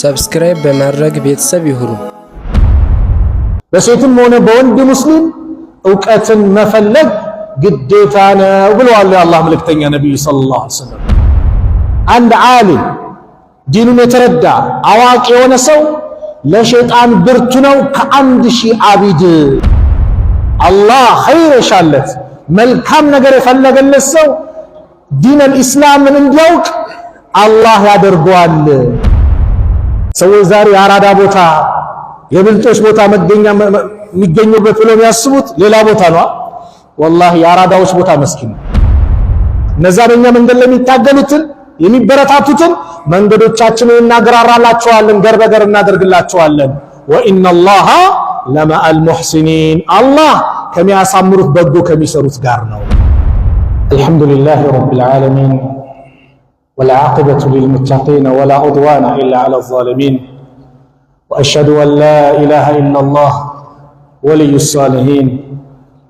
ሰብስክራይብ በማድረግ ቤተሰብ ይሁኑ። በሴትም ሆነ በወንድ ሙስሊም እውቀትን መፈለግ ግዴታ ነው ብለዋል የአላህ መልእክተኛ ነቢዩ ሰለላሁ ዐለይሂ ወሰለም። አንድ ዓሊም ዲኑን የተረዳ አዋቂ የሆነ ሰው ለሸይጣን ብርቱ ነው ከአንድ ሺህ አቢድ አላህ ኸይር ይሻለት። መልካም ነገር የፈለገለት ሰው ዲነል ኢስላምን እንዲያውቅ አላህ ያደርገዋል። ሰዎች ዛሬ የአራዳ ቦታ የብልጦች ቦታ መገኛ የሚገኙበት ብለው የሚያስቡት ሌላ ቦታ ነው። ወላሂ የአራዳዎች ቦታ መስኪን እነዛ በእኛ መንገድ ላይ የሚበረታቱትን መንገዶቻችንን እናገራራላቸዋለን፣ ገር በገር እናደርግላቸዋለን። ወኢነላሃ ለመአል ሙሕሲኒን አላህ كم يصمرك بقو كم يسرت قارنو الحمد لله رب العالمين والعاقبة للمتقين ولا عدوان إلا على الظالمين وأشهد أن لا إله إلا الله ولي الصالحين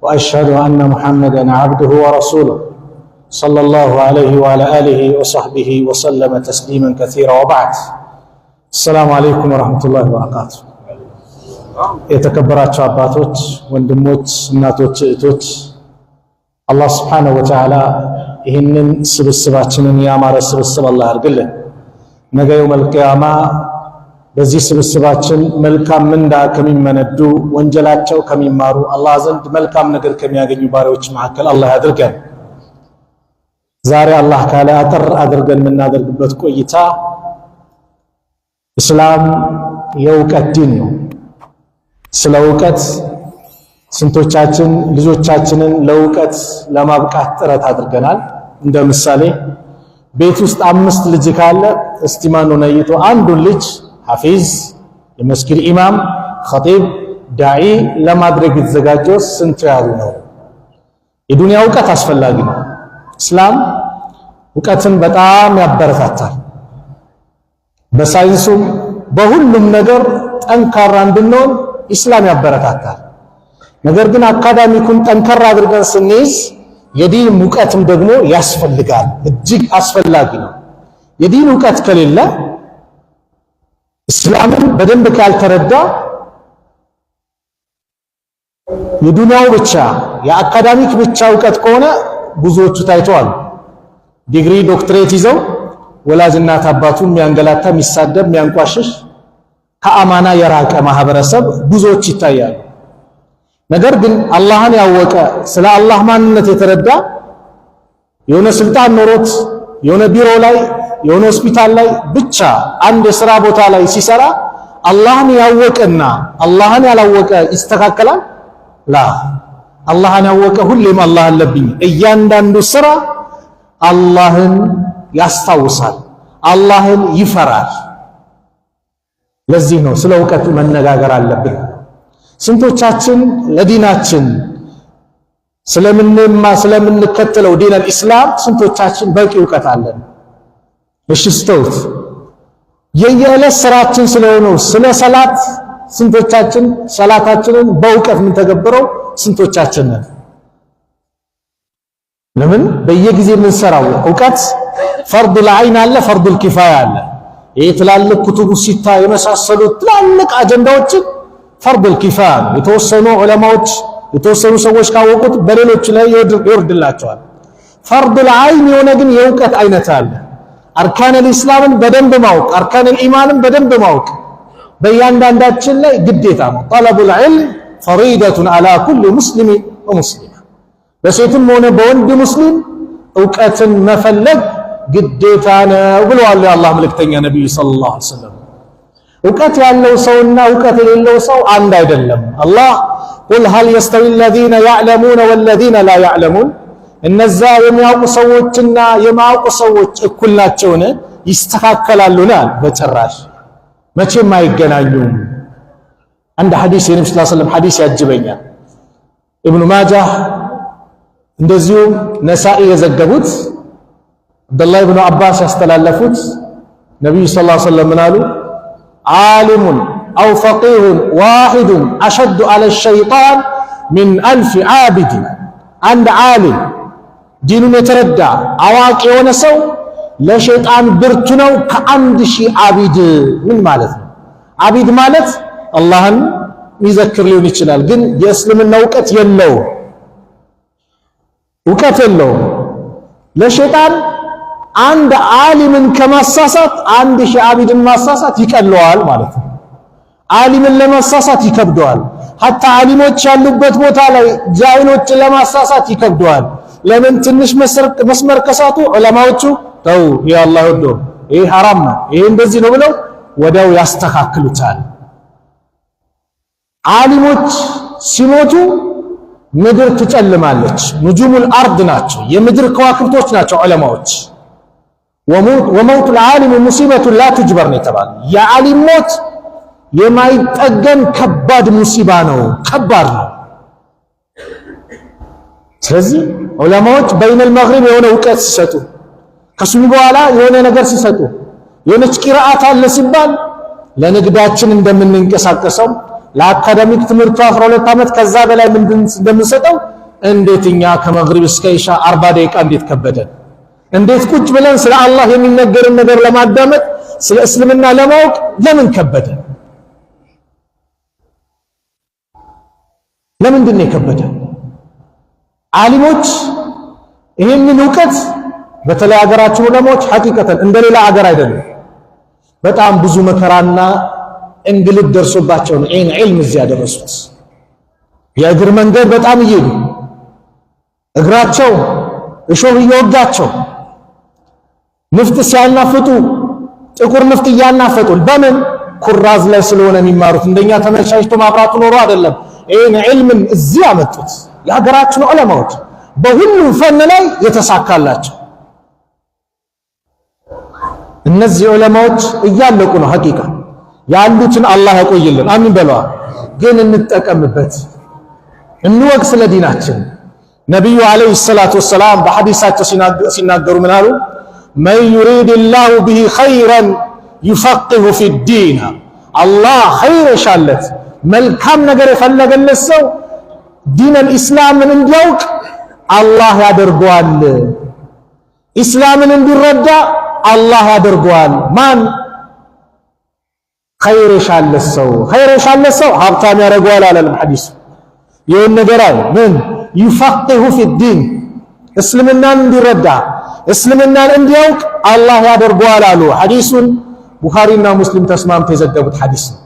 وأشهد أن محمدا عبده ورسوله صلى الله عليه وعلى آله وصحبه وسلم تسليما كثيرا وبعد السلام عليكم ورحمة الله وبركاته የተከበራቸው አባቶች፣ ወንድሞች፣ እናቶች፣ እህቶች አላህ ስብሓነሁ ወተዓላ ይህንን ስብስባችንን ያማረ ስብስብ አላህ ያድርግልን። ነገ የውመል ቂያማ በዚህ ስብስባችን መልካም ምንዳ ከሚመነዱ ወንጀላቸው ከሚማሩ አላህ ዘንድ መልካም ነገር ከሚያገኙ ባሪያዎች መካከል አላህ ያድርገን። ዛሬ አላህ ካለ አጠር አድርገን የምናደርግበት ቆይታ እስላም የእውቀት ዲን ነው። ስለ እውቀት ስንቶቻችን ልጆቻችንን ለእውቀት ለማብቃት ጥረት አድርገናል? እንደ ምሳሌ ቤት ውስጥ አምስት ልጅ ካለ እስቲ ማን ነው ነይቶ አንዱን ልጅ ሐፊዝ፣ የመስጊድ ኢማም፣ ኸጢብ፣ ዳዒ ለማድረግ የተዘጋጀው ስንት ያሉ ነው? የዱንያ እውቀት አስፈላጊ ነው። እስላም እውቀትን በጣም ያበረታታል። በሳይንሱም በሁሉም ነገር ጠንካራ እንድንሆን ኢስላም ያበረታታል። ነገር ግን አካዳሚኩን ጠንከር አድርገን ስንይዝ የዲን እውቀትም ደግሞ ያስፈልጋል፣ እጅግ አስፈላጊ ነው። የዲን እውቀት ከሌለ እስላምን በደንብ ካልተረዳ የዱንያው ብቻ የአካዳሚክ ብቻ እውቀት ከሆነ ብዙዎቹ ታይተዋል። ዲግሪ ዶክትሬት ይዘው ወላጅ እናት አባቱ የሚያንገላታ የሚሳደብ የሚያንቋሽሽ ከአማና የራቀ ማህበረሰብ ብዙዎች ይታያሉ። ነገር ግን አላህን ያወቀ ስለ አላህ ማንነት የተረዳ የሆነ ስልጣን ኖሮት የሆነ ቢሮ ላይ የሆነ ሆስፒታል ላይ ብቻ አንድ የሥራ ቦታ ላይ ሲሰራ አላህን ያወቀና አላህን ያላወቀ ይስተካከላል? ላ አላህን ያወቀ ሁሌም አላህ አለብኝ። እያንዳንዱ ስራ አላህን ያስታውሳል፣ አላህን ይፈራል። ለዚህ ነው ስለ እውቀት መነጋገር አለብን። ስንቶቻችን ለዲናችን ስለምንማ ስለምንከተለው ዲን ኢስላም ስንቶቻችን በቂ እውቀት አለን? እሺ ስተውት የየዕለት ስራችን ስለሆነው ስለ ሰላት ስንቶቻችን ሰላታችንን በእውቀት የምንተገብረው ስንቶቻችን ነን? ለምን በየጊዜ የምንሰራው እውቀት ፈርዱል አይን አለ፣ ፈርዱል ኪፋያ አለ ይህ ትላልቅ ኩቱቡ ሲታ የመሳሰሉት ትላልቅ አጀንዳዎችን ፈርዱል ኪፋያ የተወሰኑ ዑለማዎች የተወሰኑ ሰዎች ካወቁት በሌሎች ላይ ይወርድላቸዋል። ፈርዱል አይን የሆነ ግን የእውቀት አይነት አለ። አርካነል ኢስላምን በደንብ ማወቅ፣ አርካነል ኢማንን በደንብ ማወቅ በእያንዳንዳችን ላይ ግዴታ ነው። ጠለቡል ዒልም ፈሪደቱን አላ ኩል ሙስሊሚን ወሙስሊማ፣ በሴትም ሆነ በወንድ ሙስሊም እውቀትን መፈለግ ግዴታ ነው ብለዋል የአላህ መልእክተኛ ነቢዩ ሰለላሁ ዐለይሂ ወሰለም። እውቀት ያለው ሰውና እውቀት የሌለው ሰው አንድ አይደለም። አላህ ቁል ሀል የስተዊ አለዚነ ያዕለሙነ ወለዚነ ላ ያዕለሙን እነዛ የሚያውቁ ሰዎችና የማያውቁ ሰዎች እኩል ናቸውን? ይስተካከላሉን? በጭራሽ መቼም አይገናኙም። አንድ ሐዲስ የነቢ ስ ስለም ሐዲስ ያጅበኛል። እብኑ ማጃህ እንደዚሁም ነሳኢ የዘገቡት አብደላህ ብኑ አባስ ያስተላለፉት ነቢዩ ሰለላሁ ዐለይሂ ወሰለም ምን አሉ? ዓሊሙን አው ፈቂሁን ዋሂዱን አሸዱ አለ ሸይጣን ሚን አልፍ ዓቢድን። አንድ ዓሊም ዲኑን የተረዳ አዋቂ የሆነ ሰው ለሸይጣን ብርቱ ነው ከአንድ ሺህ ዓቢድ። ምን ማለት ነው? ዓቢድ ማለት አላህን ሚዘክር ሊሆን ይችላል፣ ግን የእስልምና እውቀት የለውም፣ እውቀት የለውም ለሸይጣን አንድ ዓሊምን ከማሳሳት አንድ ሺህ ዓቢድን ማሳሳት ይቀለዋል ማለት ነው። ዓሊምን ለማሳሳት ይከብደዋል። ሐታ ዓሊሞች ያሉበት ቦታ ላይ ጃሂሎችን ለማሳሳት ይከብደዋል። ለምን? ትንሽ መስመር ከሳቱ ዑለማዎቹ ተው ይህ አላህ ወዶ ይህ ሐራም ነው ይህ እንደዚህ ነው ብለው ወዲያው ያስተካክሉታል። ዓሊሞች ሲሞቱ ምድር ትጨልማለች። ንጁሙል አርድ ናቸው፣ የምድር ከዋክብቶች ናቸው ዑለማዎች ወመውቱ ልዓሊም ሙሲበቱን ላ ቱጅበር ነው የተባለ የዓሊም ሞት የማይጠገን ከባድ ሙሲባ ነው፣ ከባድ ነው። ስለዚህ ዑለማዎች በይነል መግሪብ የሆነ እውቀት ሲሰጡ ከሱቢ በኋላ የሆነ ነገር ሲሰጡ የሆነች ቂራአት አለ ሲባል ለንግዳችን እንደምንንቀሳቀሰው ለአካዳሚክ ትምህርቱ 12 ዓመት ከዛ በላይ እንደምንሰጠው እንዴት እኛ ከመግሪብ እስከ ኢሻ 40 ደቂቃ እንዴት ከበደን። እንዴት ቁጭ ብለን ስለ አላህ የሚነገርን ነገር ለማዳመጥ ስለ እስልምና ለማወቅ ለምን ከበደ? ለምንድን ነው የከበደ? ዓሊሞች ይህንን እውቀት በተለይ ሀገራችን ዑለማዎች ሐቂቀተን እንደሌላ ሀገር አይደለም፣ በጣም ብዙ መከራና እንግልት ደርሶባቸው ነው ይህን ዒልም እዚህ ያደረሱት። የእግር መንገድ በጣም እየሄዱ እግራቸው እሾህ እየወጋቸው ንፍጥ ሲያናፍጡ ጥቁር ንፍጥ እያናፈጡን በምን ኩራዝ ላይ ስለሆነ የሚማሩት እንደኛ ተመቻችቶ ማብራቱ ኖሮ አይደለም። ይህን ዒልምን እዚህ ያመጡት የሀገራችን ዑለማዎች በሁሉም ፈን ላይ የተሳካላቸው እነዚህ ዑለማዎች እያለቁ ነው። ሀቂቃ ያሉትን አላህ ያቆይልን፣ አሚን በለዋ። ግን እንጠቀምበት፣ እንወቅ ስለ ዲናችን። ነቢዩ ዓለይሂ ሰላቱ ወሰላም በሐዲሳቸው ሲናገሩ ምን አሉ? من يريد الله به خيرا يفقه في الدين الله خير شالت مل كم نجري فلق النسو دين الإسلام من اندلوك الله يدرقوال إسلام من اندرد الله يدرقوال من خير شال السو خير شال السو هابتان يا رجوال على الحديث يقول نجران من يفقه في الدين اسلمنا من دي ردها እስልምናን እንዲያውቅ አላህ ያደርገዋል አሉ። ሐዲሱን ቡኻሪና ሙስሊም ተስማምተው የዘገቡት ሐዲስ ነው።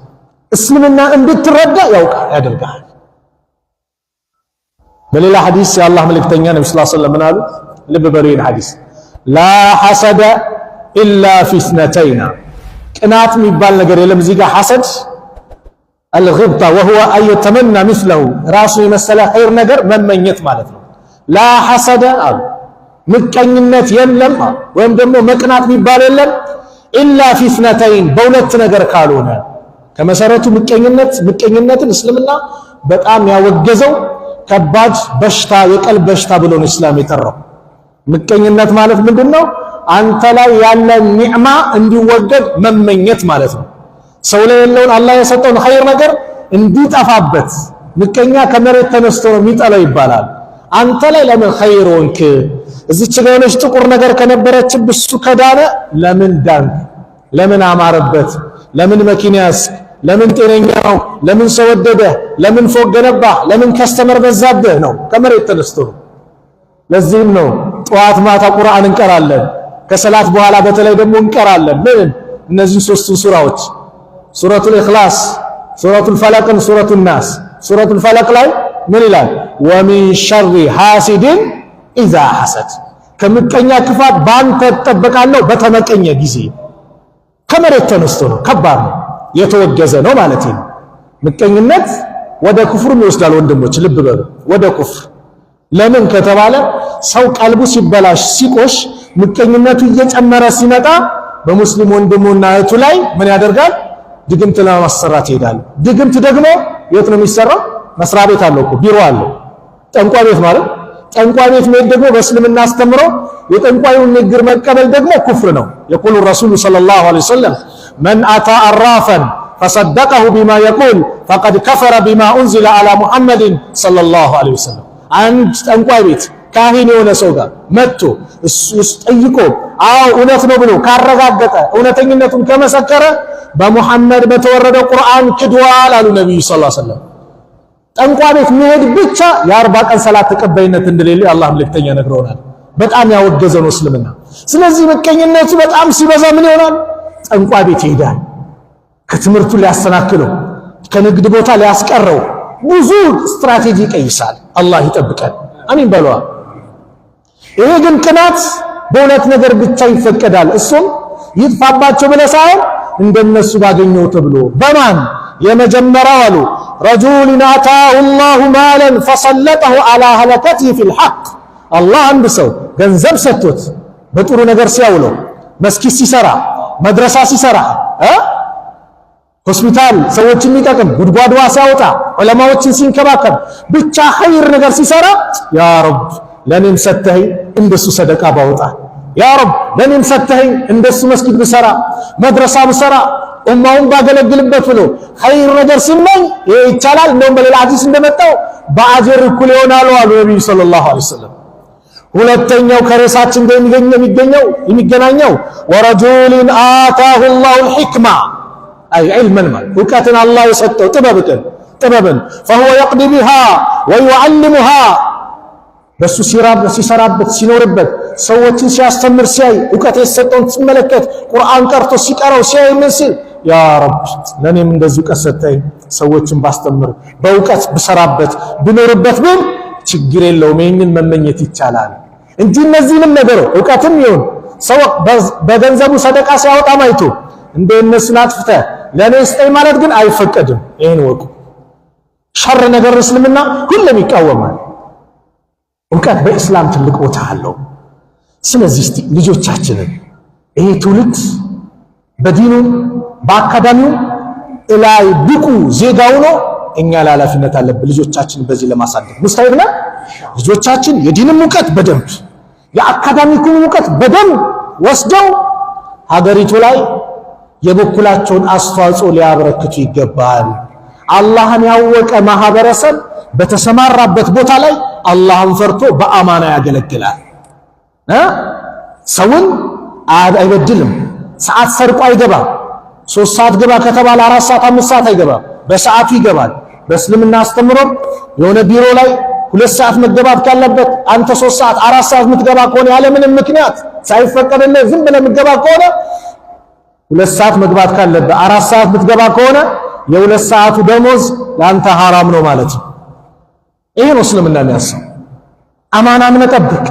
እስልምና እንድትረዳ ያውቃል ያደርጋል። በሌላ ሐዲስ የአላህ መልእክተኛ ነቢ ስ ሰለም ምን አሉ? ልብ በሉ ይህን ሐዲስ ላ ሐሰደ ኢላ ፊትነተይና ቅናት የሚባል ነገር የለም። እዚህ ጋር ሐሰድ አልግብታ ወሁወ አን የተመና ምስለሁ ራሱን የመሰለ ኸይር ነገር መመኘት ማለት ነው። ላ ሐሰደ አሉ ምቀኝነት የለም ወይም ደግሞ መቅናት የሚባል የለም ኢላ ፊትነተይን በሁለት ነገር ካልሆነ ከመሰረቱ ምቀኝነት ምቀኝነትን እስልምና በጣም ያወገዘው ከባድ በሽታ የቀልብ በሽታ ብሎ ነው እስላም የጠራው። ምቀኝነት ማለት ምንድን ነው? አንተ ላይ ያለ ኒዕማ እንዲወገድ መመኘት ማለት ነው። ሰው ላይ ያለውን አላህ የሰጠውን ኸይር ነገር እንዲጠፋበት ምቀኛ ከመሬት ተነስቶ ነው የሚጠላው ይባላል። አንተ ላይ ለምን ኸይር ሆንክ እዚች ጋ ጥቁር ነገር ከነበረች እሱ ከዳነ ለምን ዳንክ? ለምን አማረበት? ለምን መኪናስ ለምን ጤነኛ ነው? ለምን ሰው ወደደ? ለምን ፎቅ ገነባ? ለምን ከስተመር በዛብህ? ነው ከመሬት ተነስቶ ነው። ለዚህም ነው ጠዋት ማታ ቁርአን እንቀራለን፣ ከሰላት በኋላ በተለይ ደግሞ እንቀራለን። ምን እነዚህን ሶስቱን ሱራዎች ሱረቱል ኢኽላስ፣ ሱረቱል ፈለቅን፣ ሱረቱን ናስ። ሱረቱል ፈለቅ ላይ ምን ይላል? ወሚን ሸሪ ሐሲድን ኢዛ ሐሰድ ከምቀኛ ክፋት በአንተ እጠበቃለሁ። በተመቀኘ ጊዜ ከመሬት ተነስቶ ነው፣ ከባድ ነው፣ የተወገዘ ነው ማለት ነው። ምቀኝነት ወደ ኩፍርም ይወስዳል። ወንድሞች ልብ በሉ፣ ወደ ኩፍር ለምን ከተባለ ሰው ቀልቡ ሲበላሽ ሲቆሽ፣ ምቀኝነቱ እየጨመረ ሲመጣ በሙስሊም ወንድሙና እህቱ ላይ ምን ያደርጋል? ድግምት ለማሰራት ይሄዳል። ድግምት ደግሞ የት ነው የሚሰራው? መስሪያ ቤት አለው እኮ ቢሮ አለው። ጠንቋ ቤት ማለት ጠንቋይ ቤት መሄድ ደግሞ በእስልምና አስተምሮ የጠንቋዩን ንግግር መቀበል ደግሞ ኩፍር ነው። የቁሉ ረሱሉ ሰለላሁ ዐለይሂ ወሰለም መን አታ አራፈን ፈሰደቀሁ ቢማ የቁል ፈቀድ ከፈረ ቢማ ኡንዚለ አላ ሙሐመድን ሰለላሁ ዐለይሂ ወሰለም። አንድ ጠንቋይ ቤት ካህን የሆነ ሰው ጋር መጥቶ ጠይቆ አዎ እውነት ነው ብሎ ካረጋገጠ እውነተኝነቱን ከመሰከረ በሙሐመድ በተወረደው ቁርአን ክድዋል አሉ ነቢዩ ሰለላሁ ዐለይሂ ወሰለም። ጠንቋ ቤት መሄድ ብቻ የአርባ ቀን ሰላት ተቀባይነት እንደሌለ የአላህ መልክተኛ ነግረውናል። በጣም ያወገዘ ነው እስልምና። ስለዚህ ምቀኝነቱ በጣም ሲበዛ ምን ይሆናል? ጠንቋ ቤት ይሄዳል። ከትምህርቱ ሊያሰናክለው፣ ከንግድ ቦታ ሊያስቀረው፣ ብዙ ስትራቴጂ ይቀይሳል። አላህ ይጠብቀን። አሚን በለዋ። ይሄ ግን ቅናት በሁለት ነገር ብቻ ይፈቀዳል። እሱም ይጥፋባቸው ብለህ ሳይሆን እንደነሱ ባገኘው ተብሎ በማን የመጀመሪያው አሉ ረጁልን አታሁ ላሁ ማለን ፈሰለጠሁ አላ ሀለከቲ ፊልሐቅ አላህ አንድ ሰው ገንዘብ ሰጥቶት በጥሩ ነገር ሲያውለው መስኪት ሲሰራ፣ መድረሳ ሲሰራ፣ ሆስፒታል ሰዎችን የሚጠቅም ጉድጓድ ሲያወጣ፣ ዑለማዎችን ሲንከባከብ፣ ብቻ ኸይር ነገር ሲሰራ ያ ረብ ለእኔም ሰተኸኝ እንደሱ ሰደቃ ባወጣ ያ ረብ ለኔም ሰተኸኝ እንደሱ መስጊድ ብሰራ መድረሳ ብሰራ ኡማውን ባገለግልበት ብሎ ኸይር ነገር ሲመኝ ይሄ ይቻላል። እንደውም በሌላ ሐዲስ እንደመጣው በአጀር እኩል ይሆናሉ አሉ ነብዩ ሰለላሁ ዐለይሂ ወሰለም። ሁለተኛው ከሬሳችን ጋር የሚገኘው የሚገናኘው ወረጁልን አታሁ ላሁ ልሕክማ አይ ዕልመን ማለት እውቀትን አላህ የሰጠው ጥበብቅን ጥበብን ፈሁወ የቅዲ ቢሃ ወዩዓልሙሃ በእሱ ሲሰራበት ሲኖርበት ሰዎችን ሲያስተምር ሲያይ እውቀት የተሰጠውን ሲመለከት ቁርአን ቀርቶ ሲቀራው ሲያይ ምን ሲል ያ ረብ ለእኔም እንደዚህ እውቀት ሰጠኝ፣ ሰዎችን ባስተምር፣ በእውቀት ብሰራበት፣ ብኖርበት ብል ችግር የለውም። ይህንን መመኘት ይቻላል እንጂ እነዚህንም ነገር እውቀትም ይሁን ሰው በገንዘቡ ሰደቃ ሲያወጣ ማይቶ እንደ እነሱን አጥፍተ ለእኔ ስጠኝ ማለት ግን አይፈቀድም። ይህን ወቁ። ሸር ነገር እስልምና ሁሉም ይቃወማል። እውቀት በእስላም ትልቅ ቦታ አለው። ስለዚህ እስቲ ልጆቻችንን ይሄ ትውልድ በዲኑ በአካዳሚው እላይ ብቁ ዜጋ ሆኖ እኛ ኃላፊነት አለብን ልጆቻችን በዚህ ለማሳደግ ሙስታሂድ ነን። ልጆቻችን የዲንም እውቀት በደንብ የአካዳሚኩን እውቀት በደንብ ወስደው ሀገሪቱ ላይ የበኩላቸውን አስተዋጽኦ ሊያበረክቱ ይገባል። አላህን ያወቀ ማህበረሰብ በተሰማራበት ቦታ ላይ አላህን ፈርቶ በአማና ያገለግላል። ሰውን አይበድልም። ሰዓት ሰርቆ አይገባም። ሶስት ሰዓት ግባ ከተባለ አራት ሰዓት አምስት ሰዓት አይገባም፣ በሰዓቱ ይገባል። በእስልምና አስተምሮ የሆነ ቢሮ ላይ ሁለት ሰዓት መገባት ካለበት አንተ ሶስት ሰዓት አራት ሰዓት የምትገባ ከሆነ ያለምንም ምክንያት ሳይፈቀድልህ ዝም ብለህ የምትገባ ከሆነ ሁለት ሰዓት መግባት ካለበት አራት ሰዓት የምትገባ ከሆነ የሁለት ሰዓቱ ደሞዝ ለአንተ ሐራም ነው ማለት ነው። ይሄ ነው እስልምና የሚያስብ አማናን መጠበቅ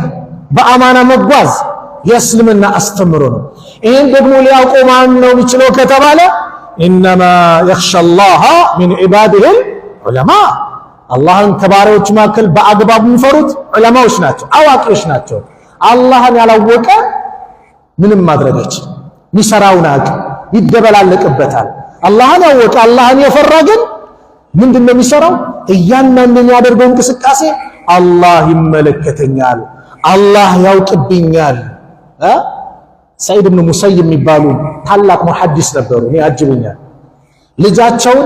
በአማና መጓዝ የእስልምና አስተምሮ ነው። ይህን ደግሞ ሊያውቀው ማን ነው የሚችለው ከተባለ ኢነማ የኽሸላሃ ሚን ዒባዲሂል ዑለማ፣ አላህን ከባሪያዎች መካከል በአግባብ የሚፈሩት ዑለማዎች ናቸው፣ አዋቂዎች ናቸው። አላህን ያላወቀ ምንም ማድረግ አይችልም። ሚሰራውን አቅም ይደበላለቅበታል። አላህን ያወቀ አላህን የፈራ ግን ምንድን ነው የሚሰራው? እያንዳንዱ የሚያደርገው እንቅስቃሴ አላህ ይመለከተኛል አላህ ያውቅብኛል። ሰዒድ ብን ሙሰይብ የሚባሉ ታላቅ ሙሐዲስ ነበሩ። እኔ አጅቡኛል። ልጃቸውን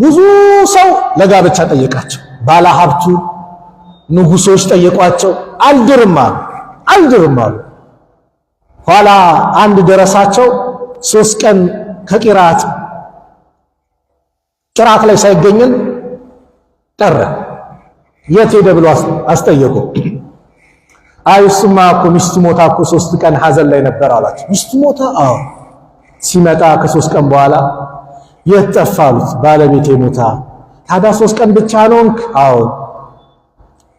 ብዙ ሰው ለጋብቻ ጠየቃቸው። ባለሀብቱ፣ ንጉሶች ጠየቋቸው። አልድርም አሉ አልድርም አሉ። ኋላ አንድ ደረሳቸው ሶስት ቀን ከቂራት ቂራት ላይ ሳይገኝን ቀረ። የት ሄደ ብሎ አስጠየቁ። አይ እሱማ እኮ ሚስቱ ሞታ እኮ ሶስት ቀን ሀዘን ላይ ነበር አላቸው። ሚስቱ ሞታ? አዎ። ሲመጣ ከሶስት ቀን በኋላ የት ጠፋ ባለቤቴ ሞታ። ታዲያ ሶስት ቀን ብቻ ነውንክ? አዎ።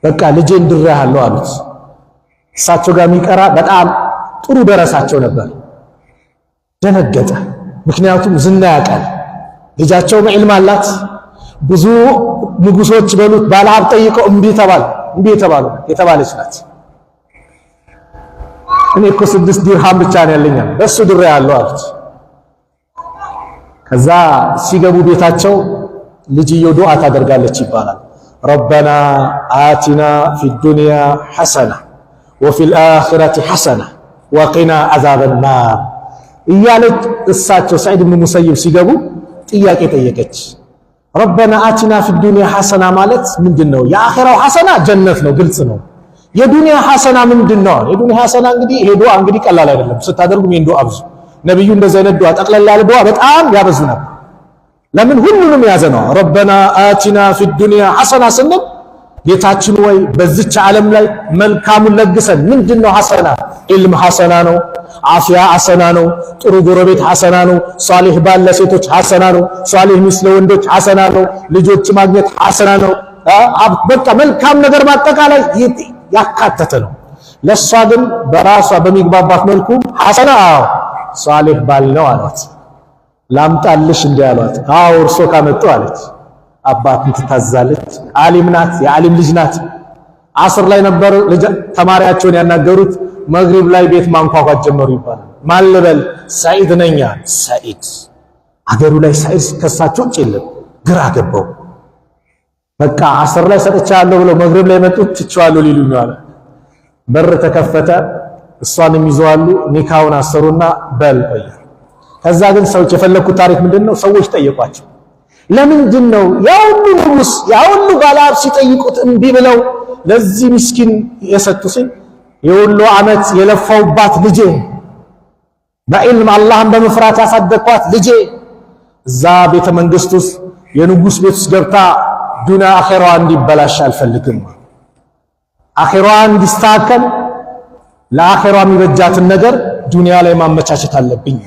በቃ ልጄ እንድራሃለሁ አሉት። እሳቸው ጋር የሚቀራ በጣም ጥሩ ደረሳቸው ነበር። ደነገጠ። ምክንያቱም ዝና ያውቃል። ልጃቸውም ዒልም አላት። ብዙ ንጉሶች በሉት ባለሀብት ጠይቀው እምቢ ተባሉ። እምቢ የተባለች ናት። እኔ እኮ ስድስት ዲርሃም ብቻ ነው ያለኛል፣ እሱ ድሬ ያለው አሉት። ከዛ ሲገቡ ቤታቸው ልጅየው ዱዓ ታደርጋለች ይባላል። ረበና አቲና ፊዱንያ ሐሰና ወፊል አኺረቲ ሐሰና ወቂና አዛበና እያለች እሳቸው ሰዒድ ብን ሙሰይብ ሲገቡ ጥያቄ ጠየቀች። ረበና አቲና ፊዱንያ ሐሰና ማለት ምንድን ነው? የአኺራው ሐሰና ጀነት ነው፣ ግልጽ ነው። የዱንያ ሐሰና ምንድን ነው? የዱንያ ሐሰና እንግዲህ ይሄ ዱዓ እንግዲህ ቀላል አይደለም። ስታደርጉ ይሄን ዱዓ ብዙ ነብዩ እንደዚህ አይነት ዱዓ ጠቅላላ ያለ ዱዓ በጣም ያበዙ ነበር። ለምን ሁሉንም የያዘ ነው። ረበና አቲና ፊዱንያ ሐሰና ስንል ጌታችን ወይ በዚች ዓለም ላይ መልካሙን ለግሰን። ምንድን ነው ሐሰና? ኢልም ሐሰና ነው፣ አፍያ ሐሰና ነው፣ ጥሩ ጎረቤት ሐሰና ነው፣ ሷሊህ ባል ለሴቶች ሐሰና ነው፣ ሷሊህ ሚስት ለወንዶች ሐሰና ነው፣ ልጆች ማግኘት ሐሰና ነው። በቃ መልካም ነገር በአጠቃላይ ያካተተ ነው። ለእሷ ግን በራሷ በሚግባባት መልኩ ሐሰና አዎ ሷሌህ ባል ነው አሏት። ላምጣልሽ እንዲህ አሏት። አዎ እርሶ ካመጡ አለች። አባትን ትታዛለች። ዓሊም ናት፣ የዓሊም ልጅ ናት። አስር ላይ ነበር ተማሪያቸውን ያናገሩት። መግሪብ ላይ ቤት ማንኳኳት ጀመሩ ይባላል። ማን ልበል? ሰዒድ ነኛ። ሰዒድ አገሩ ላይ ሰዒድ ከሳቸው ውጭ የለም። ግራ ገባው። በቃ አስር ላይ ሰጥቻለሁ ብለው መግሪብ ላይ መጡ። ትችዋለሁ ሊሉ አለ። በር ተከፈተ። እሷን የሚዘዋሉ ኒካውን አሰሩና በል ቆየ። ከዛ ግን ሰዎች የፈለኩት ታሪክ ምንድነው? ሰዎች ጠየቋቸው። ለምንድን ነው ያሁሉ ንጉስ ያሁሉ ባለሀብት ሲጠይቁት እምቢ ብለው ለዚህ ምስኪን የሰጡ ሲል የሁሉ ዓመት የለፋውባት ልጄ፣ በዕልም አላህን በመፍራት ያሳደግኳት ልጄ እዛ ቤተ መንግስት ውስጥ የንጉስ ቤት ውስጥ ገብታ ዱንያ አኼሯ እንዲበላሽ አልፈልግም። አኼሯ እንዲስተካከል ለአኼሯ የሚበጃትን ነገር ዱንያ ላይ ማመቻቸት አለብኝ።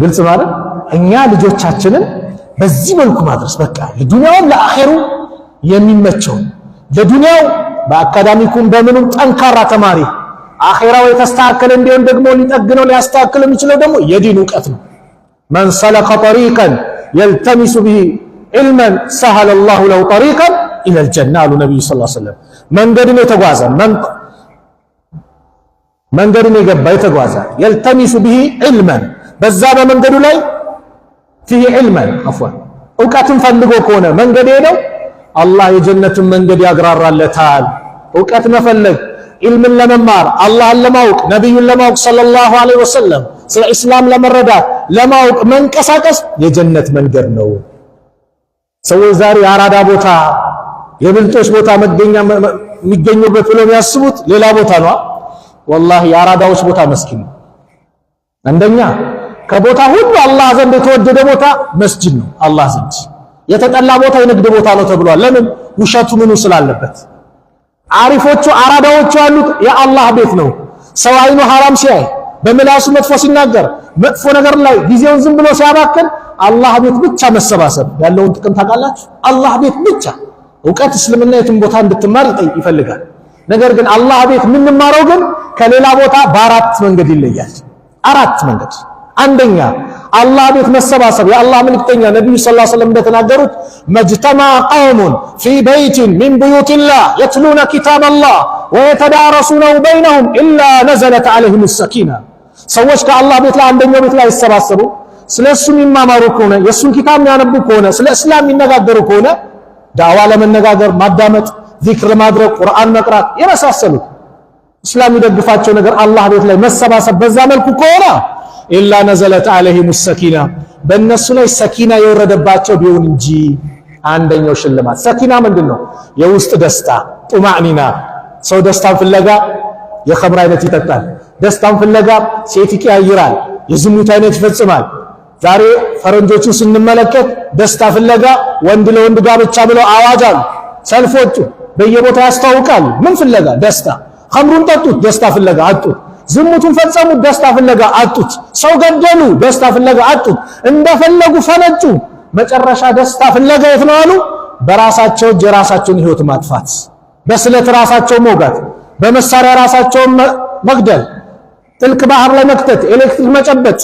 ግልጽ ማለት እኛ ልጆቻችንን በዚህ መልኩ ማድረስ በቃ ለዱንያውም ለአኼሩ የሚመቸው ለዱንያው በአካዳሚኩም በምንም ጠንካራ ተማሪ አኼራው የተስተካከለ እንዲሆን ደግሞ ሊጠግነው ሊያስተካክል የሚችለው ደግሞ የዲን እውቀት ነው። መን ሰለከ ጠሪቀን የልተሚሱ ቢሂ ዒልመን ሰሀለ ላሁ ለው ጠሪቀን ኢለል ጀና አሉ ነቢዩ ስ ሰለም። መንገድን የተጓዘ መንገድን የገባ የተጓዘ የልተሚሱ ብሂ ዒልመን በዛ በመንገዱ ላይ ፊሂ ዒልመን አፍዋን እውቀትን ፈልጎ ከሆነ መንገድ ሄደው አላህ የጀነትን መንገድ ያግራራለታል። እውቀት መፈለግ ዒልምን ለመማር አላህን ለማወቅ ነቢዩን ለማወቅ ሰለላሁ ዐለይሂ ወሰለም ስለ ኢስላም ለመረዳት ለማወቅ መንቀሳቀስ የጀነት መንገድ ነው። ሰዎች ዛሬ የአራዳ ቦታ የብልጦች ቦታ መገኛ የሚገኙበት ብለው የሚያስቡት ሌላ ቦታ ነው። ወላሂ የአራዳዎች ቦታ መስጊድ ነው። አንደኛ ከቦታ ሁሉ አላህ ዘንድ የተወደደ ቦታ መስጂድ ነው። አላህ ዘንድ የተጠላ ቦታ የንግድ ቦታ ነው ተብሏል። ለምን? ውሸቱ ምኑ ስላለበት። አሪፎቹ አራዳዎቹ ያሉት የአላህ ቤት ነው። ሰው አይኑ ሐራም ሲያይ፣ በምላሱ መጥፎ ሲናገር፣ መጥፎ ነገር ላይ ጊዜውን ዝም ብሎ ሲያባክን አላህ ቤት ብቻ መሰባሰብ ያለውን ጥቅም ታውቃላችሁ። አላህ ቤት ብቻ እውቀት እስልምና የትም ቦታ እንድትማር ይፈልጋል። ነገር ግን አላህ ቤት የምንማረው ግን ከሌላ ቦታ በአራት መንገድ ይለያል። አራት መንገድ። አንደኛ አላህ ቤት መሰባሰብ የአላህ መልክተኛ ነቢዩ ሰለላሁ ዐለይሂ ወሰለም እንደተናገሩት መጅተማ ቀውሙን ፊ በይቲን ሚን ቡዩቲላህ የትሉነ ኪታበላህ ወየተዳረሱነሁ በይነሁም ኢላ ነዘለት ዐለይሂሙ ሰኪና። ሰዎች ከአላህ ቤት ላይ አንደኛው ቤት ላይ አይሰባሰቡም ስለ እሱ የሚማማሩ ከሆነ የእሱን ኪታብ የሚያነቡ ከሆነ ስለ እስላም የሚነጋገሩ ከሆነ ዳዋ ለመነጋገር ማዳመጥ፣ ዚክር ማድረግ፣ ቁርአን መቅራት የመሳሰሉት እስላም የሚደግፋቸው ነገር አላህ ቤት ላይ መሰባሰብ በዛ መልኩ ከሆነ ኢላ ነዘለት አለይሂም ሰኪና በእነሱ ላይ ሰኪና የወረደባቸው ቢሆን እንጂ አንደኛው ሽልማት ሰኪና ምንድን ነው? የውስጥ ደስታ ጡማዕኒና። ሰው ደስታን ፍለጋ የኸምር አይነት ይጠጣል። ደስታን ፍለጋ ሴት ይቀያይራል፣ የዝሙት አይነት ይፈጽማል። ዛሬ ፈረንጆቹ ስንመለከት ደስታ ፍለጋ ወንድ ለወንድ ጋብቻ ብለው አዋጅ አሉ። ሰልፎቹ በየቦታ ያስታውቃሉ። ምን ፍለጋ? ደስታ። ኸምሩን ጠጡት፣ ደስታ ፍለጋ አጡት። ዝሙቱን ፈጸሙት፣ ደስታ ፍለጋ አጡት። ሰው ገደሉ፣ ደስታ ፍለጋ አጡት። እንደፈለጉ ፈነጩ። መጨረሻ ደስታ ፍለጋ የት ነው አሉ? በራሳቸው እጅ የራሳቸውን ህይወት ማጥፋት፣ በስለት ራሳቸው መውጋት፣ በመሳሪያ ራሳቸውን መግደል፣ ጥልቅ ባህር ለመክተት ኤሌክትሪክ መጨበጥ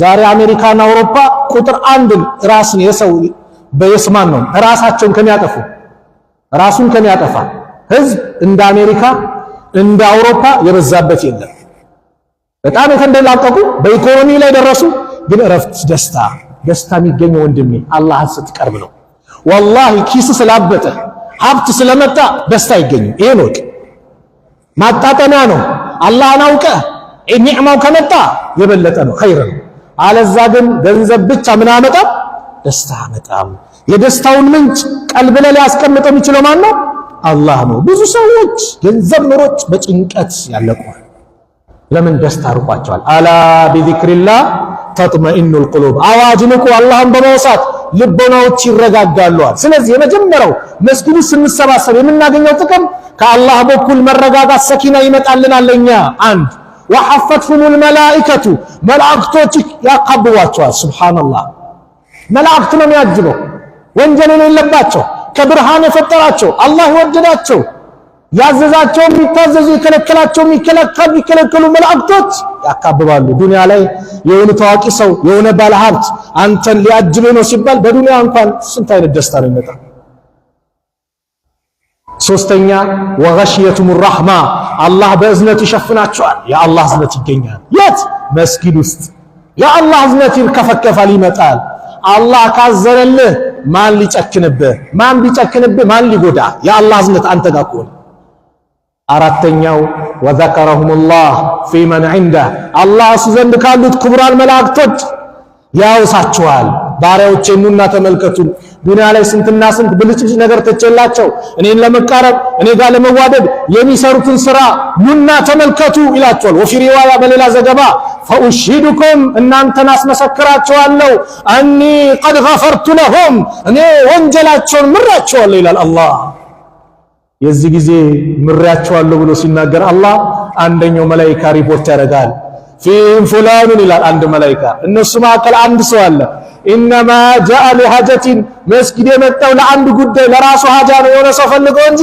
ዛሬ አሜሪካና አውሮፓ ቁጥር አንድን ራስን የሰው በየስማን ነው ራሳቸውን ከሚያጠፉ ራሱን ከሚያጠፋ ህዝብ እንደ አሜሪካ እንደ አውሮፓ የበዛበት የለም። በጣም የተንደላቀቁ በኢኮኖሚ ላይ ደረሱ። ግን እረፍት፣ ደስታ ደስታ የሚገኘው ወንድሜ አላህን ስትቀርብ ነው። ወላሂ ኪስ ስላበጠ ሀብት ስለመጣ ደስታ አይገኝም። ይሄን ወቅ ማጣጠሚያ ነው። አላህን አውቀ ኒዕማው ከመጣ የበለጠ ነው፣ ኸይር ነው። አለዛ ግን ገንዘብ ብቻ ምን አመጣም? ደስታ አመጣም። የደስታውን ምንጭ ቀልብ ላይ ሊያስቀምጠው የሚችለው ማን ነው? አላህ ነው። ብዙ ሰዎች ገንዘብ ኖሮች በጭንቀት ያለቁዋል። ለምን? ደስታ አርቋቸዋል አላ ቢዚክሪላህ ተጥመኢኑል ቁሉብ። አዋጅ ንቁ፣ አላህን በመውሳት ልቦናዎች ይረጋጋሉዋል። ስለዚህ የመጀመሪያው መስጊዱ ስንሰባሰብ የምናገኘው ጥቅም ከአላህ በኩል መረጋጋት ሰኪና ይመጣልናል ለኛ አንድ ወሐፈትሁሙል መላኢከቱ መላእክቶች ያቃብቧቸዋል። ሱብሓነላህ መላእክት ነው የሚያጅበው። ወንጀል የሌለባቸው ከብርሃን የፈጠራቸው አላህ ይወደዳቸው ያዘዛቸው የሚታዘዙ የከለከላቸው የሚከለከሉ መላእክቶች ያካብባሉ። ዱንያ ላይ የሆነ ታዋቂ ሰው የሆነ ባለሀብት አንተን ሊያጅብ ነው ሲባል በዱንያ እንኳን ስንት አይነት ደስታ ነው ይመጣል። ሶስተኛ ወገሽየቱም ራህማ አላህ በእዝነት ይሸፍናቸዋል። የአላህ እዝነት ይገኛል። የት መስጊድ ውስጥ የአላህ እዝነት ይርከፈከፋል፣ ይመጣል። አላህ ካዘነልህ ማን ሊጨክንብህ? ማን ቢጨክንብህ ማን ሊጎዳ? የአላህ እዝነት አንተ ጋር ከሆነ አራተኛው ወዘከረሁሙላህ ፊመን ዒንደህ አላህ እሱ ዘንድ ካሉት ክቡራን መላእክቶች ያውሳቸዋል? ባሪያዎቼ ኑና ተመልከቱ። ዱንያ ላይ ስንትና ስንት ብልጭልጭ ነገር ተቸላቸው። እኔን ለመቃረብ እኔ ጋር ለመዋደድ የሚሰሩትን ስራ ኑና ተመልከቱ ይላቸዋል። ወፊ ሪዋያ በሌላ ዘገባ ፈኡሽሂዱኩም እናንተን አስመሰክራቸዋለሁ አኒ ቀድ ገፈርቱ ለሁም እኔ ወንጀላቸውን ምራቸዋለሁ ይላል አላህ። የዚህ ጊዜ ምሬያቸዋለሁ ብሎ ሲናገር አላህ አንደኛው መላይካ ሪፖርት ያደርጋል። ፊህም ፉላኑን ይላል አንድ መላይካ እነሱ መካከል አንድ ሰው አለ ኢነማ ጃአ ሊሀጀቲን መስጊድ የመጣው ለአንድ ጉዳይ ለራሱ ሀጃ ነው የሆነ ሰው ፈልገው እንጂ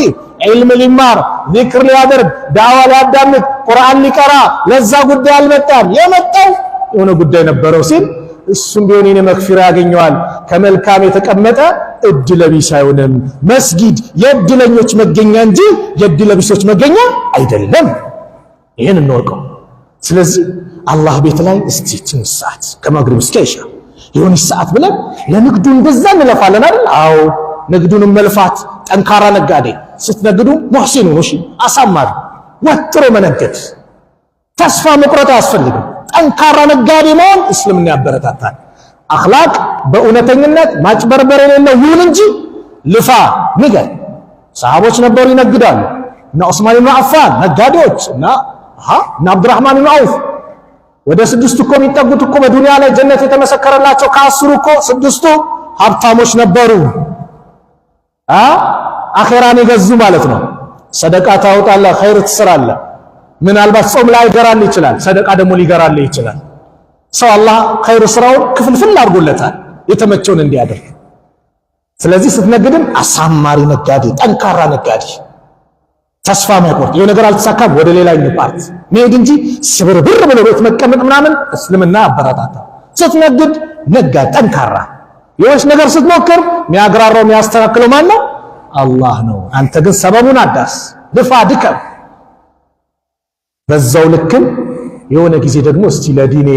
ዒልም ሊማር ዚክር ሊያደርግ ዳዕዋ ሊያዳምጥ ቁርአን ሊቀራ ለዛ ጉዳይ አልመጣም። የመጣው የሆነ ጉዳይ ነበረው ሲል እሱም ቢሆን የኔ መክፊራ ያገኘዋል። ከመልካም የተቀመጠ እድለቢስ አይሆንም። መስጊድ የእድለኞች መገኛ እንጂ የእድለቢሶች መገኛ አይደለም። ይህን እንወቀው። ስለዚህ አላህ ቤት ላይ እስቲ ትንሳት ከመግሪብ እስከ ኢሻ የሆነች ሰዓት ብለን ለንግዱ እንደዛ እንለፋለን አይደል? አዎ ንግዱንም መልፋት ጠንካራ ነጋዴ ስትነግዱ ሙሕሲኑ እሺ፣ አሳማሪ ወጥሮ መነገድ፣ ተስፋ መቁረጥ አያስፈልግም። ጠንካራ ነጋዴ መሆን እስልምና ያበረታታል። አኽላቅ በእውነተኝነት ማጭበርበር የሌለው ይሁን እንጂ ልፋ ንገድ። ሰሃቦች ነበሩ ይነግዳሉ። እና ዑስማን ብኑ አፋን ነጋዴዎች፣ እና አብዱራህማን ብኑ አውፍ ወደ ስድስቱ እኮ የሚጠጉት እኮ በዱንያ ላይ ጀነት የተመሰከረላቸው ከአስሩ እኮ ስድስቱ ሀብታሞች ነበሩ። አኼራን የገዙ ማለት ነው። ሰደቃ ታወጣለህ፣ ኸይር ትስራለ ምናልባት ጾም ላይ ይገራል ይችላል፣ ሰደቃ ደግሞ ሊገራል ይችላል። ሰው አላህ ኸይር ስራውን ክፍልፍል አድርጎለታል የተመቸውን እንዲያደርግ። ስለዚህ ስትነግድም አሳማሪ ነጋዴ፣ ጠንካራ ነጋዴ ተስፋ መቁረጥ ይሄ ነገር አልተሳካም፣ ወደ ሌላኛው ፓርት መሄድ እንጂ ስብርብር ብሎ ቤት መቀመጥ ምናምን እስልምና አበረታታ። ስትነግድ ነጋ ጠንካራ የሆነች ነገር ስትሞክር የሚያግራራው የሚያስተካክለው ማን ነው? አላህ ነው። አንተ ግን ሰበቡን አዳስ፣ ልፋ፣ ድከም። በዛው ልክም የሆነ ጊዜ ደግሞ እስቲ ለዲኔ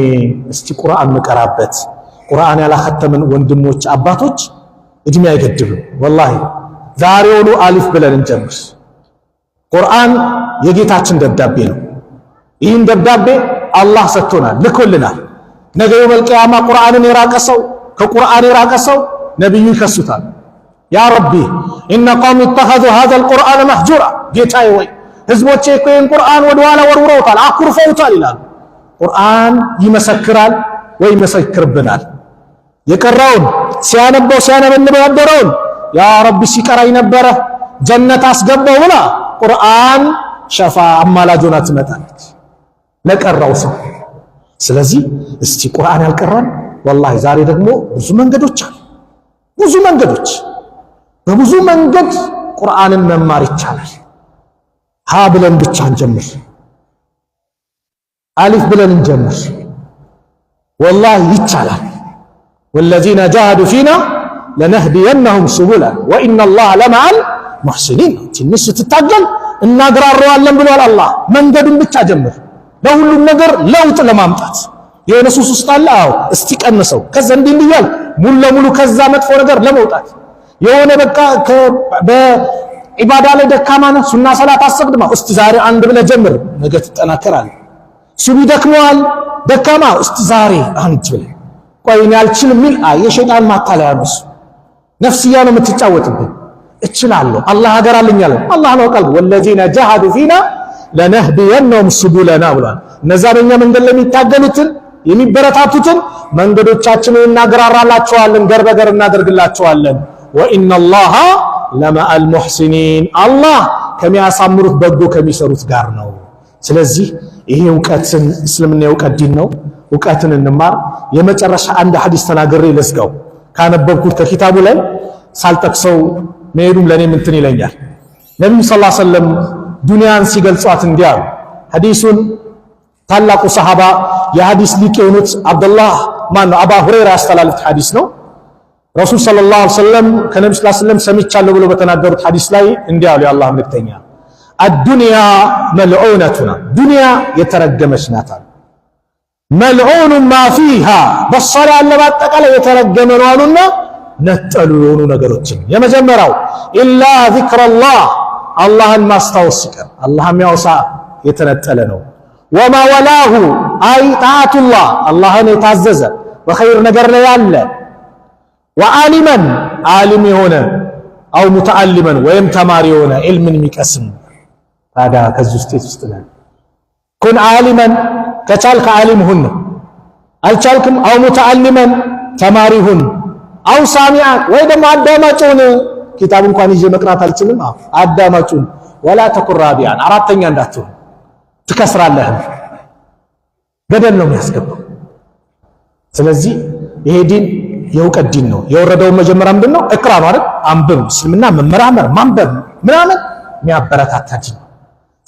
እስቲ ቁርአን መቀራበት ቁርአን ያላከተምን ወንድሞች አባቶች እድሜ አይገድብም። ወላሂ ዛሬውኑ አሊፍ ብለን እንጀምር። ቁርአን የጌታችን ደብዳቤ ነው። ይህን ደብዳቤ አላህ ሰጥቶናል፣ ልኮልናል። ነገ የውመል ቂያማ ቁርአንን የራቀ ሰው ከቁርአን የራቀ ሰው ነቢዩ ይከሱታል። ያ ረቢ ኢነ ቀውሚ ኢተኸዙ ሀዘል ቁርአን መህጁራ፣ ጌታዬ ወይ ህዝቦቼ እኮ ይህን ቁርአን ወደኋላ ወርውረውታል፣ አኩርፈውታል ይላሉ። ቁርአን ይመሰክራል ወይ ይመሰክርብናል። የቀረውን ሲያነበው ሲያነበንበው ያደረውን ያ ረቢ ሲቀራኝ ነበረ ጀነት አስገባው ብላ ቁርአን ሸፋ አማላጅ ትመጣለች ለቀራው ሰው። ስለዚህ እስቲ ቁርአን ያልቀራን ወላሂ ዛሬ ደግሞ ብዙ መንገዶች አሉ፣ ብዙ መንገዶች። በብዙ መንገድ ቁርአንን መማር ይቻላል። ሀ ብለን ብቻ እንጀምር፣ አሊፍ ብለን እንጀምር። ወላሂ ይቻላል። ወለዚነ ጃሃዱ ፊና ለነህዲየነሁም ሱቡላን ወኢነላህ ለመዓል ሙሕሲኒን ትንሽ ስትታገል እናግራረዋለን ብሏል አላህ። መንገዱን ብቻ ጀምር ለሁሉም ነገር ለውጥ ለማምጣት የሆነ ሱስ ውስጥ አለ። አዎ እስቲ ቀንሰው፣ ከዛ እንዲህ እንዲያል ሙሉ ለሙሉ ከዛ መጥፎ ነገር ለመውጣት የሆነ በቃ በኢባዳ ላይ ደካማ ነህ፣ ሱና ሰላት አሰግድማ፣ እስቲ ዛሬ አንድ ብለህ ጀምር፣ ነገ ትጠናከራለህ። ሱቢ ደክመዋል፣ ደካማ፣ እስቲ ዛሬ አንድ ብለህ ቆይ እኔ አልችልም የሚል የሸይጣን ማታለያ ነው እሱ። ነፍስያ ነው የምትጫወትብን እችላለሁ አላህ አገራልኛለሁ። አላህ ነው ቃል ወለዚነ ጃሃዱ ፊና ለነህዲየነሁም ሱቡለና ብሏል። እነዛ በእኛ መንገድ ላይ የሚበረታቱትን መንገዶቻችንን እናገራራላቸዋለን፣ ገር በገር እናደርግላቸዋለን። ወኢነላሃ ለመአል ሙሕሲኒን አላህ ከሚያሳምሩት በጎ ከሚሰሩት ጋር ነው። ስለዚህ ይሄ እውቀትን እስልምና የእውቀት ዲን ነው። እውቀትን እንማር። የመጨረሻ አንድ ሐዲስ ተናግሬ ልዝጋው። ካነበብኩት ከኪታቡ ላይ ሳልጠቅሰው መሄዱም ለእኔ ምንትን ይለኛል። ነቢዩ ሰለላሁ ዐለይሂ ወሰለም ዱንያን ሲገልጿት እንዲህ አሉ። ሐዲሱን ታላቁ ሰሃባ የሐዲስ ሊቅ የሆኑት አብደላህ ማን ነው አባ ሁረይራ ያስተላለፉት ሐዲስ ነው። ረሱል ሰለላሁ ዐለይሂ ወሰለም ከነቢዩ ሰለላሁ ዐለይሂ ወሰለም ሰምቻለሁ ብሎ በተናገሩት ሐዲስ ላይ እንዲህ አሉ የአላህ መልእክተኛ አዱንያ መልዑነቱና ዱንያ የተረገመች ናት አሉ። መልዑኑ ማ ፊሃ በሷ ላይ ያለ ባጠቃላይ የተረገመ ነው አሉና ነጠሉ የሆኑ ነገሮችን የመጀመሪያው ኢላ ዚክረላህ አላህን ማስታወስ ሲቀር አላህ የሚያወሳ የተነጠለ ነው። ወማወላሁ አይ ጣዓቱላህ አላህን የታዘዘ በኸይር ነገር ላይ ያለ ወአሊመን አሊም የሆነ አው ሙተአሊመን ወይም ተማሪ የሆነ ዒልምን የሚቀስም ታዲያ ከዚህ ውስጤት ውስጥ ነን። ኩን አሊመን ከቻልክ አሊም ሁን፣ አልቻልክም አው ሙተአሊመን ተማሪ ሁን አው ሳሚዓን ወይ ደግሞ አዳማጩን ኪታብ እንኳን ይዤ መቅራት አልችልም። አዳማጩን ወላ ተኩን አራተኛ እንዳትሆን ትከስራለህም፣ ገደል ነው የሚያስገባው። ስለዚህ ይሄ ዲን የእውቀት ዲን ነው። የወረደውን መጀመሪያ ምንድን ነው እቅራ ማለት አንብብ፣ እስልምና መመራመር፣ ማንበብ ምናምን የሚያበረታታ ዲን ነው።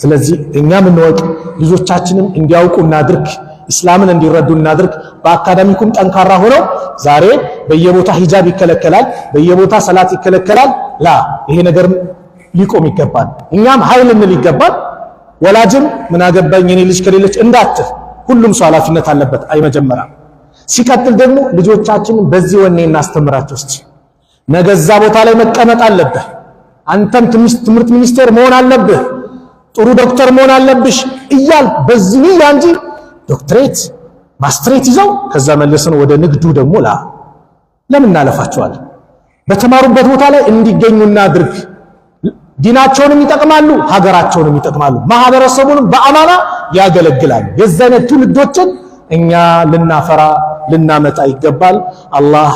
ስለዚህ እኛ እንወቅ፣ ልጆቻችንም እንዲያውቁ እናድርግ። ኢስላምን እንዲረዱ እናድርግ። በአካዳሚኩም ጠንካራ ሆነው ዛሬ በየቦታ ሂጃብ ይከለከላል፣ በየቦታ ሰላት ይከለከላል። ላ ይሄ ነገር ሊቆም ይገባል። እኛም ኃይል እንል ይገባል። ወላጅም ምን አገባኝ የኔ ልጅ ከሌለች እንዳትል፣ ሁሉም ሰው ኃላፊነት አለበት። አይ ሲቀጥል ደግሞ ልጆቻችንን በዚህ ወኔ እናስተምራቸው። እስቲ ነገ እዛ ቦታ ላይ መቀመጥ አለብህ አንተም ትምህርት ሚኒስቴር መሆን አለብህ ጥሩ ዶክተር መሆን አለብሽ እያል በዚህ ያ ዶክትሬት ማስትሬት ይዘው ከዛ መልሰን ወደ ንግዱ ደግሞ ላ ለምን እናለፋቸዋለን? በተማሩበት ቦታ ላይ እንዲገኙ እናድርግ። ዲናቸውንም ይጠቅማሉ፣ ሀገራቸውንም ይጠቅማሉ፣ ማህበረሰቡንም በአማና ያገለግላሉ። የዚህ አይነት ትውልዶችን እኛ ልናፈራ ልናመጣ ይገባል። አላህ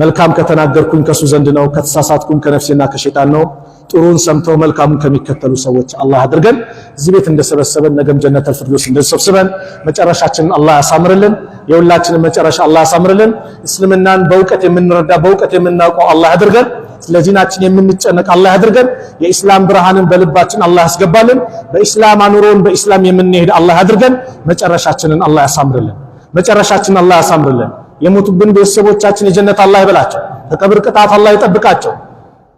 መልካም ከተናገርኩኝ ከሱ ዘንድ ነው፣ ከተሳሳትኩም ከነፍሴና ከሸይጣን ነው። ጥሩን ሰምተው መልካሙን ከሚከተሉ ሰዎች አላህ አድርገን እዚህ ቤት እንደሰበሰበን ነገም ጀነተል ፊርዶስ እንደሰብስበን መጨረሻችንን አላህ ያሳምርልን። የሁላችንን መጨረሻ አላህ ያሳምርልን። እስልምናን በእውቀት የምንረዳ በእውቀት የምናውቀው አላህ አድርገን። ስለዚህናችን የምንጨነቅ አላህ አድርገን። የኢስላም ብርሃንን በልባችን አላህ ያስገባልን። በኢስላም አኑሮን በኢስላም የምንሄድ አላህ አድርገን። መጨረሻችንን አላህ ያሳምርልን። መጨረሻችንን አላህ ያሳምርልን። የሞቱብን ቤተሰቦቻችን የጀነት አላህ ይበላቸው። ከቀብር ቅጣት አላህ ይጠብቃቸው።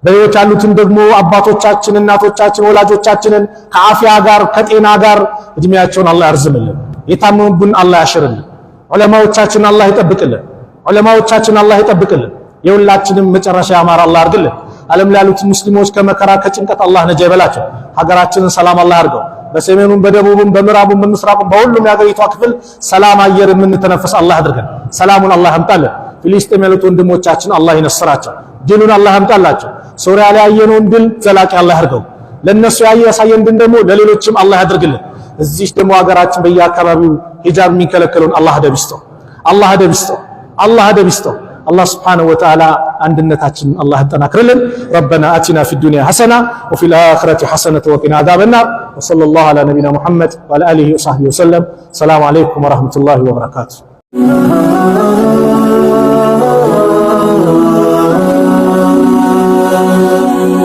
በሕይወት ያሉትን ደግሞ አባቶቻችን፣ እናቶቻችን፣ ወላጆቻችንን ከአፊያ ጋር ከጤና ጋር እድሜያቸውን አላህ ያርዝምልን። የታመሙብን አላህ ያሽርልን። ዑለማዎቻችን አላህ ይጠብቅልን። ዑለማዎቻችን አላህ ይጠብቅልን። የሁላችንም መጨረሻ ያማረ አላህ አድርግልን። ዓለም ላይ ያሉት ሙስሊሞች ከመከራ ከጭንቀት አላህ ነጃ ይበላቸው። ሀገራችንን ሰላም አላህ አድርገው። በሰሜኑም በደቡብም በምዕራቡም በምስራቁም በሁሉም የሀገሪቷ ክፍል ሰላም አየር የምንተነፈስ አላህ አድርገን። ሰላሙን አላህ ያምጣልን። ፊሊስጤም ያሉት ወንድሞቻችን አላህ ይነስራቸው፣ ድሉን አላህ ያምጣላቸው። ሶሪያ ላይ ያየነውን ድል ዘላቂ አላህ ያድርገው። ለነሱ ያየ ያሳየን ድል ደግሞ ለሌሎችም አላህ ያድርግልን። እዚህ ደግሞ ሀገራችን በየአካባቢው ሂጃብ የሚከለከለውን አላህ አደብ ይስጠው። አላህ አደብ ይስጠው። አላህ አደብ ይስጠው። አላህ ስብሓነሁ ወተዓላ አንድነታችንን አላህ ያጠናክርልን። ረበና አቲና ፊ ዱንያ ሐሰና ወፊል አኺረቲ ሐሰነተ ወቂና አዛበናር። ወሰለላሁ ዐላ ነቢና ሙሐመድ ወዐላ አሊሂ ወሰሕቢሂ ወሰለም። ሰላሙ ዐለይኩም ወረሕመቱላሂ ወበረካቱ።